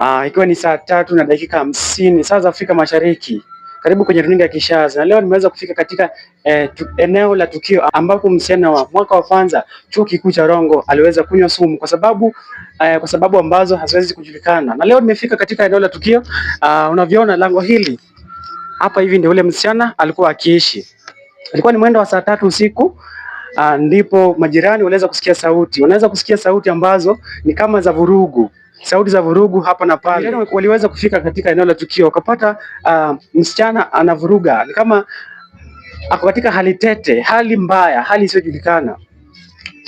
Aa, ah, ikiwa ni saa tatu na dakika hamsini saa za Afrika Mashariki. Karibu kwenye runinga ya Kishazi na leo nimeweza kufika katika eh, tu, eneo la tukio ambapo msichana wa mwaka wa kwanza chuo kikuu cha Rongo aliweza kunywa sumu kwa sababu eh, kwa sababu ambazo haziwezi kujulikana. Na leo nimefika katika eneo la tukio uh, unavyoona lango hili hapa, hivi ndio ule msichana alikuwa akiishi. Alikuwa ni mwendo wa saa tatu usiku uh, ndipo majirani waliweza kusikia sauti, wanaweza kusikia sauti ambazo ni kama za vurugu sauti za vurugu hapa na pale. Yaani waliweza kufika katika eneo la tukio wakapata uh, msichana anavuruga, ni kama ako katika hali tete, hali mbaya, hali isiyojulikana.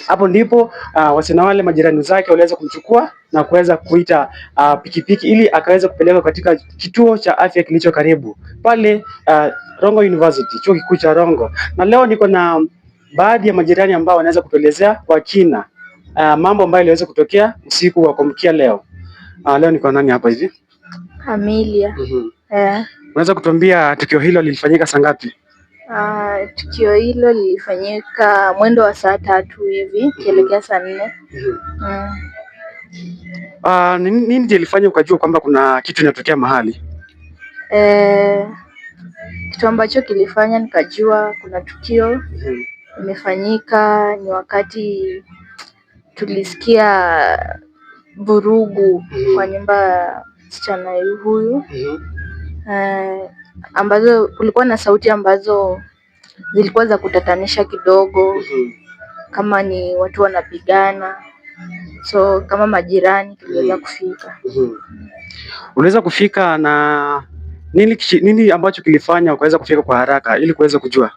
Hapo ndipo uh, wasichana wale majirani zake waliweza kumchukua na kuweza kuita uh, pikipiki ili akaweza kupelekwa katika kituo cha afya kilicho karibu pale uh, Rongo University, chuo kikuu cha Rongo. Na leo niko na baadhi ya majirani ambao wanaweza kutuelezea kwa kina uh, mambo ambayo yaliweza kutokea usiku wa kumkia leo. Ah, leo niko nani hapa hivi? Amelia. mm -hmm. Yeah. Unaweza kutuambia tukio hilo lilifanyika saa ngapi? Ah, tukio hilo lilifanyika mwendo wa saa tatu hivi mhm. kielekea saa nne. Mhm. Mm. Ah, nini ilifanya ukajua kwamba kuna kitu inatokea mahali? Eh, kitu ambacho kilifanya nikajua kuna tukio mhm. imefanyika mm -hmm. ni wakati tulisikia vurugu mm-hmm. kwa nyumba ya msichana huyu mm-hmm. eh, ambazo kulikuwa na sauti ambazo zilikuwa za kutatanisha kidogo, mm-hmm. kama ni watu wanapigana, so kama majirani tuliweza kufika. Unaweza kufika na nini? Nini ambacho kilifanya ukaweza kufika kwa haraka ili kuweza kujua?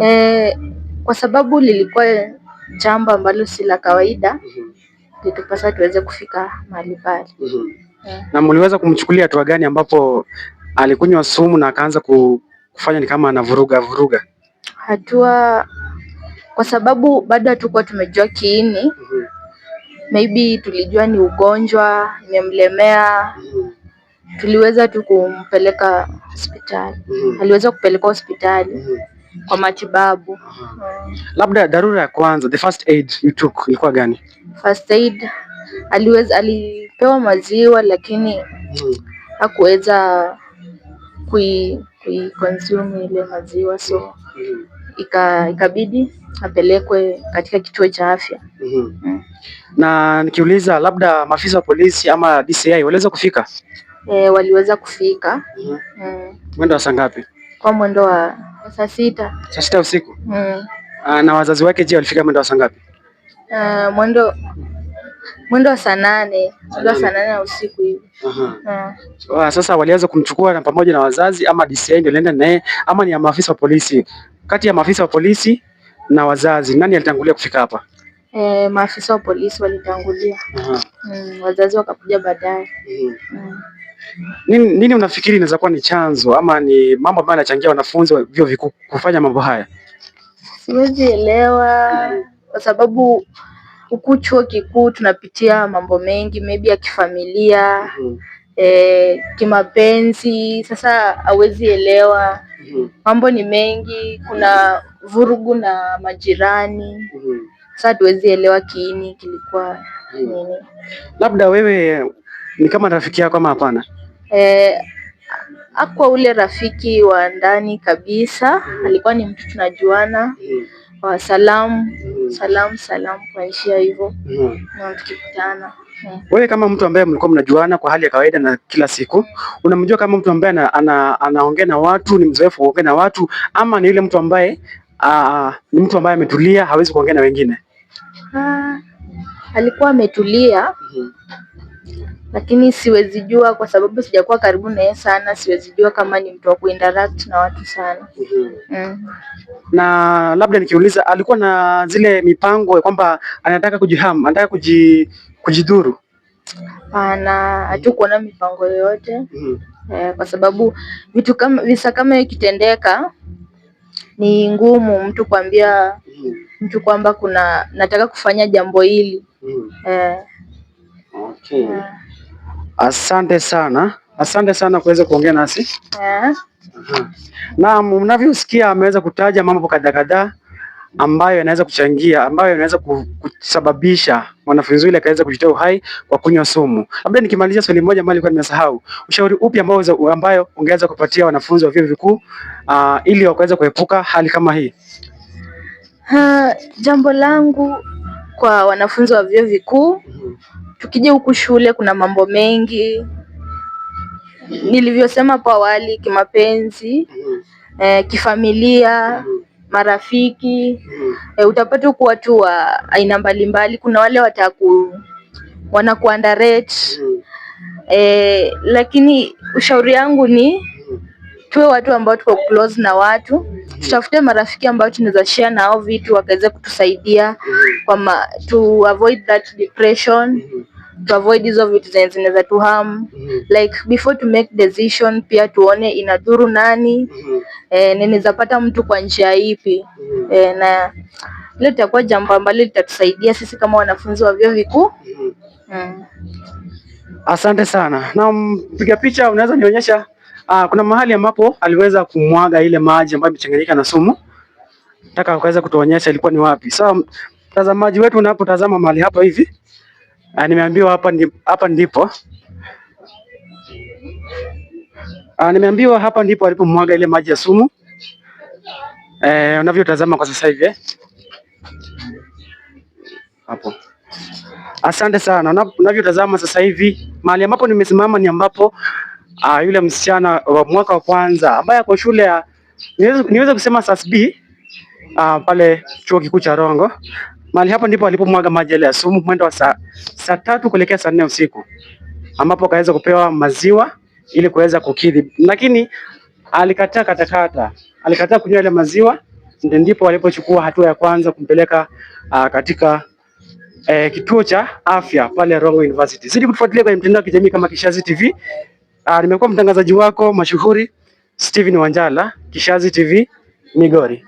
eh, kwa sababu lilikuwa jambo ambalo si la kawaida litupasa tuweze kufika mahali pale. mm -hmm. yeah. Na mliweza kumchukulia hatua gani ambapo alikunywa sumu na akaanza kufanya ni kama anavuruga vuruga? Hatua kwa sababu bado hatukuwa tumejua kiini. mm -hmm. Maybe tulijua ni ugonjwa imemlemea. mm -hmm. Tuliweza tu kumpeleka hospitali. mm -hmm. Aliweza kupeleka hospitali. mm -hmm kwa matibabu. Labda dharura ya kwanza, the first aid you took ilikuwa gani? First aid aliweza, alipewa maziwa lakini hakuweza kui, kui consume ile maziwa so ika, ikabidi apelekwe katika kituo cha afya. hmm. -hmm. Na nikiuliza labda maafisa wa polisi ama DCI waliweza kufika? E, waliweza kufika. Mm-hmm. mm -hmm. Mwendo wa saa ngapi? Kwa mwendo wa saa sita saa sita usiku mm. Aa, ah, na wazazi wake je, walifika mwendo wa saa ngapi? Uh, mwendo mwendo wa saa nane saa nane ya usiku hivi. Uh, sasa waliweza kumchukua na pamoja na wazazi ama DCI ndio alienda naye ama ni ya maafisa wa polisi? Kati ya maafisa wa polisi na wazazi nani alitangulia kufika hapa? Eh, maafisa wa polisi walitangulia. mm, wazazi wakakuja baadaye. Mhm. mm. mm nini, nini unafikiri inaweza kuwa ni chanzo ama ni mambo ambayo yanachangia wanafunzi wa vyuo vikuu kufanya mambo haya? Siwezi elewa kwa sababu huku chuo kikuu tunapitia mambo mengi maybe ya kifamilia mm -hmm. Eh, kimapenzi. Sasa hawezi elewa mm -hmm. Mambo ni mengi, kuna vurugu na majirani mm -hmm. Sasa hatuwezi elewa kiini kilikuwa mm -hmm. Labda wewe ni kama rafiki yako ama hapana? Eh, akwa ule rafiki wa ndani kabisa Alikuwa ni mtu tunajuana mm. wa salamu mm. salamu salamu kwaishia hivyo mm. na tukikutana Wewe kama mtu ambaye mlikuwa mnajuana kwa hali ya kawaida na kila siku, unamjua kama mtu ambaye anaongea ana, ana na watu, ni mzoefu kuongea na watu, ama ni yule mtu ambaye ni mtu ambaye ametulia hawezi kuongea na wengine? Ha, ah, alikuwa ametulia mm -hmm lakini siwezi jua kwa sababu sijakuwa karibu na yeye sana. Siwezi jua kama ni mtu wa kuinteract na watu sana mhm. mm. Na labda nikiuliza, alikuwa na zile mipango ya kwamba anataka kujiham, anataka kuji, kujidhuru? Hapana, na mipango yoyote mm. Eh, kwa sababu vitu kama visa kama ikitendeka ni ngumu mtu kuambia mhm. mtu kwamba kuna nataka kufanya jambo hili mm. Eh, Okay. Ah. Asante sana, asante sana kuweza kuongea nasi. Eh. Naam, mnavyosikia ameweza kutaja mambo kadhaa kadhaa ambayo yanaweza kuchangia ambayo yanaweza kusababisha mwanafunzi yule akaweza kujitoa uhai kwa kunywa sumu. Labda nikimalizia swali moja ambalo nilikuwa nimesahau, ushauri upi ambao ambayo ungeweza kupatia wanafunzi wa vyuo vikuu uh, ili wakaweza kuepuka hali kama hii? Ha, ah, jambo langu kwa wanafunzi wa vyuo vikuu mm-hmm. Tukija huku shule kuna mambo mengi nilivyosema hapo awali, kimapenzi eh, kifamilia, marafiki mm. eh, utapata huku watu wa aina mbalimbali. Kuna wale wataku wanakuanda mm. eh, lakini ushauri yangu ni mm. tuwe watu ambao tuko close na watu tutafute marafiki ambao tunaweza share nao vitu wakaweza kutusaidia kwa ma, to avoid that depression to avoid hizo vitu zenye zinaweza tu harm like before to make decision, pia tuone inadhuru nani eh, naweza pata mtu kwa njia ipi eh, na ile itakuwa jambo ambalo litatusaidia sisi kama wanafunzi wa vyuo vikuu mm. Asante sana. Na mpiga picha, unaweza nionyesha Uh, kuna mahali ambapo aliweza kumwaga ile maji ambayo imechanganyika na sumu. Nataka ukaweza kutuonyesha ilikuwa ni wapi. so, mtazamaji wetu unapotazama mahali hapa hivi, uh, nimeambiwa hapa ni hapa ndipo uh, nimeambiwa hapa ndipo alipomwaga ile maji ya sumu. Eh, unavyotazama kwa sasa hivi. eh. Hapo. Asante sana. Unavyotazama sasa hivi mahali ambapo nimesimama ni ambapo uh, yule msichana wa mwaka wa kwanza ambaye ako shule ya niweze kusema SASB uh, ah, pale chuo kikuu cha Rongo. Mahali hapo ndipo alipomwaga maji ya sumu mwendo wa saa saa tatu kuelekea saa nne usiku ambapo kaweza kupewa maziwa ili kuweza kukidhi, lakini alikataa katakata, alikataa kunywa ile maziwa. Ndio ndipo walipochukua hatua ya kwanza kumpeleka uh, katika eh, kituo cha afya pale Rongo University. Zidi kutufuatilia kwenye mtandao wa kijamii kama Kishazi TV. Ah, nimekuwa mtangazaji wako mashuhuri Steven Wanjala, Kishazi TV Migori.